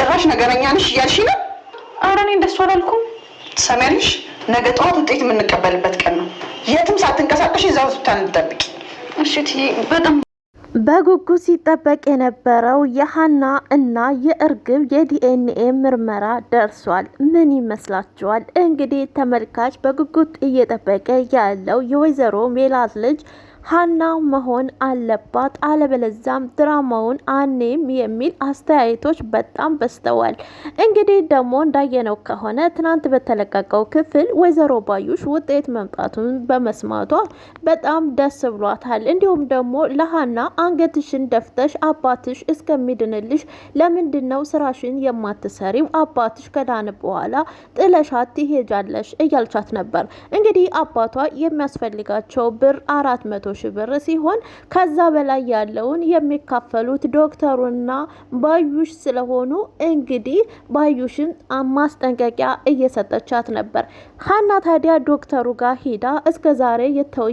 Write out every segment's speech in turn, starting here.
ጭራሽ ነገረኛ ነሽ እያልሽ ነው? ኧረ እኔ እንደሱ አላልኩም። ትሰሚያለሽ፣ ነገ ጠዋት ውጤት የምንቀበልበት ቀን ነው። የትም ሳትንቀሳቀሽ እዛ ሆስፒታል እንጠብቂ። እሺ በጣም በጉጉት ሲጠበቅ የነበረው የሀና እና የእርግብ የዲኤንኤ ምርመራ ደርሷል። ምን ይመስላችኋል? እንግዲህ ተመልካች በጉጉት እየጠበቀ ያለው የወይዘሮ ሜላት ልጅ ሀና መሆን አለባት፣ አለበለዛም ድራማውን አኔም የሚል አስተያየቶች በጣም በስተዋል እንግዲህ ደግሞ እንዳየነው ከሆነ ትናንት በተለቀቀው ክፍል ወይዘሮ ባዩሽ ውጤት መምጣቱን በመስማቷ በጣም ደስ ብሏታል። እንዲሁም ደግሞ ለሀና አንገትሽን ደፍተሽ አባትሽ እስከሚድንልሽ ለምንድን ነው ስራሽን የማትሰሪው? አባትሽ ከዳን በኋላ ጥለሻት ትሄጃለሽ እያልቻት ነበር። እንግዲህ አባቷ የሚያስፈልጋቸው ብር አራት መቶ ሺህ ብር ሲሆን ከዛ በላይ ያለውን የሚካፈሉት ዶክተሩና ባዩሽ ስለሆኑ እንግዲህ ባዩሽን ማስጠንቀቂያ እየሰጠቻት ነበር። ሀና ታዲያ ዶክተሩ ጋር ሂዳ እስከ ዛሬ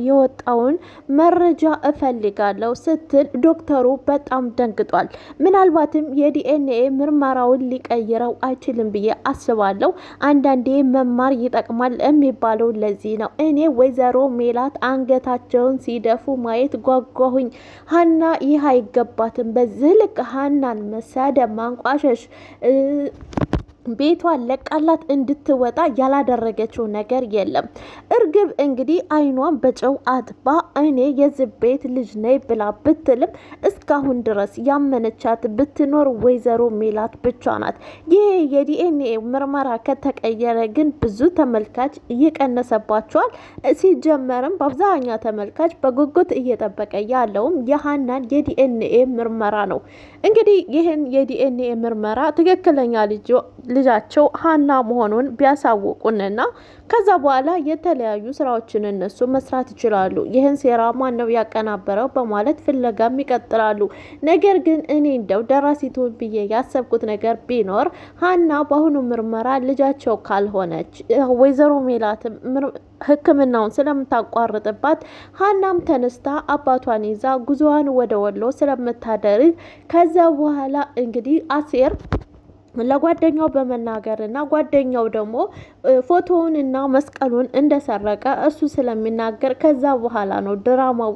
የወጣውን መረጃ እፈልጋለሁ ስትል ዶክተሩ በጣም ደንግጧል። ምናልባትም የዲኤንኤ ምርመራውን ሊቀይረው አይችልም ብዬ አስባለሁ። አንዳንዴ መማር ይጠቅማል የሚባለው ለዚህ ነው። እኔ ወይዘሮ ሜላት አንገታቸውን ሲደ ሲደፉ ማየት ጓጓሁኝ። ሀና ይህ አይገባትም። በዚህ ልክ ሀናን መሳደብ፣ ማንቋሸሽ ቤቷን ለቃላት እንድትወጣ ያላደረገችው ነገር የለም። እርግብ እንግዲህ አይኗን በጨው አጥባ እኔ የዚህ ቤት ልጅ ነኝ ብላ ብትልም እስካሁን ድረስ ያመነቻት ብትኖር ወይዘሮ ሜላት ብቻ ናት። ይህ የዲኤንኤ ምርመራ ከተቀየረ ግን ብዙ ተመልካች እየቀነሰባቸዋል። ሲጀመርም በአብዛኛው ተመልካች በጉጉት እየጠበቀ ያለውም የሀናን የዲኤንኤ ምርመራ ነው። እንግዲህ ይህን የዲኤንኤ ምርመራ ትክክለኛ ልጃቸው ሀና መሆኑን ቢያሳውቁንና ከዛ በኋላ የተለያዩ ስራዎችን እነሱ መስራት ይችላሉ። ይህን ሴራ ማን ነው ያቀናበረው በማለት ፍለጋም ይቀጥላሉ። ይችላሉ። ነገር ግን እኔ እንደው ደራሲ ትሁን ብዬ ያሰብኩት ነገር ቢኖር ሀና በአሁኑ ምርመራ ልጃቸው ካልሆነች ወይዘሮ ሜላትም ሕክምናውን ስለምታቋርጥባት ሀናም ተነስታ አባቷን ይዛ ጉዞዋን ወደ ወሎ ስለምታደርግ ከዚያ በኋላ እንግዲህ አሴር ለጓደኛው በመናገር እና ጓደኛው ደግሞ ፎቶውን እና መስቀሉን እንደሰረቀ እሱ ስለሚናገር ከዛ በኋላ ነው ድራማው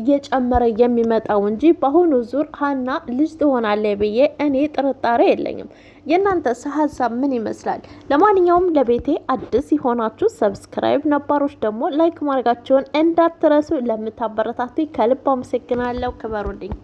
እየጨመረ የሚመጣው እንጂ በአሁኑ ዙር ሀና ልጅ ትሆናለች ብዬ እኔ ጥርጣሬ የለኝም። የእናንተስ ሀሳብ ምን ይመስላል? ለማንኛውም ለቤቴ አዲስ የሆናችሁ ሰብስክራይብ፣ ነባሮች ደግሞ ላይክ ማድረጋቸውን እንዳትረሱ። ለምታበረታቱ ከልብ አመሰግናለሁ። ክበሩልኝ።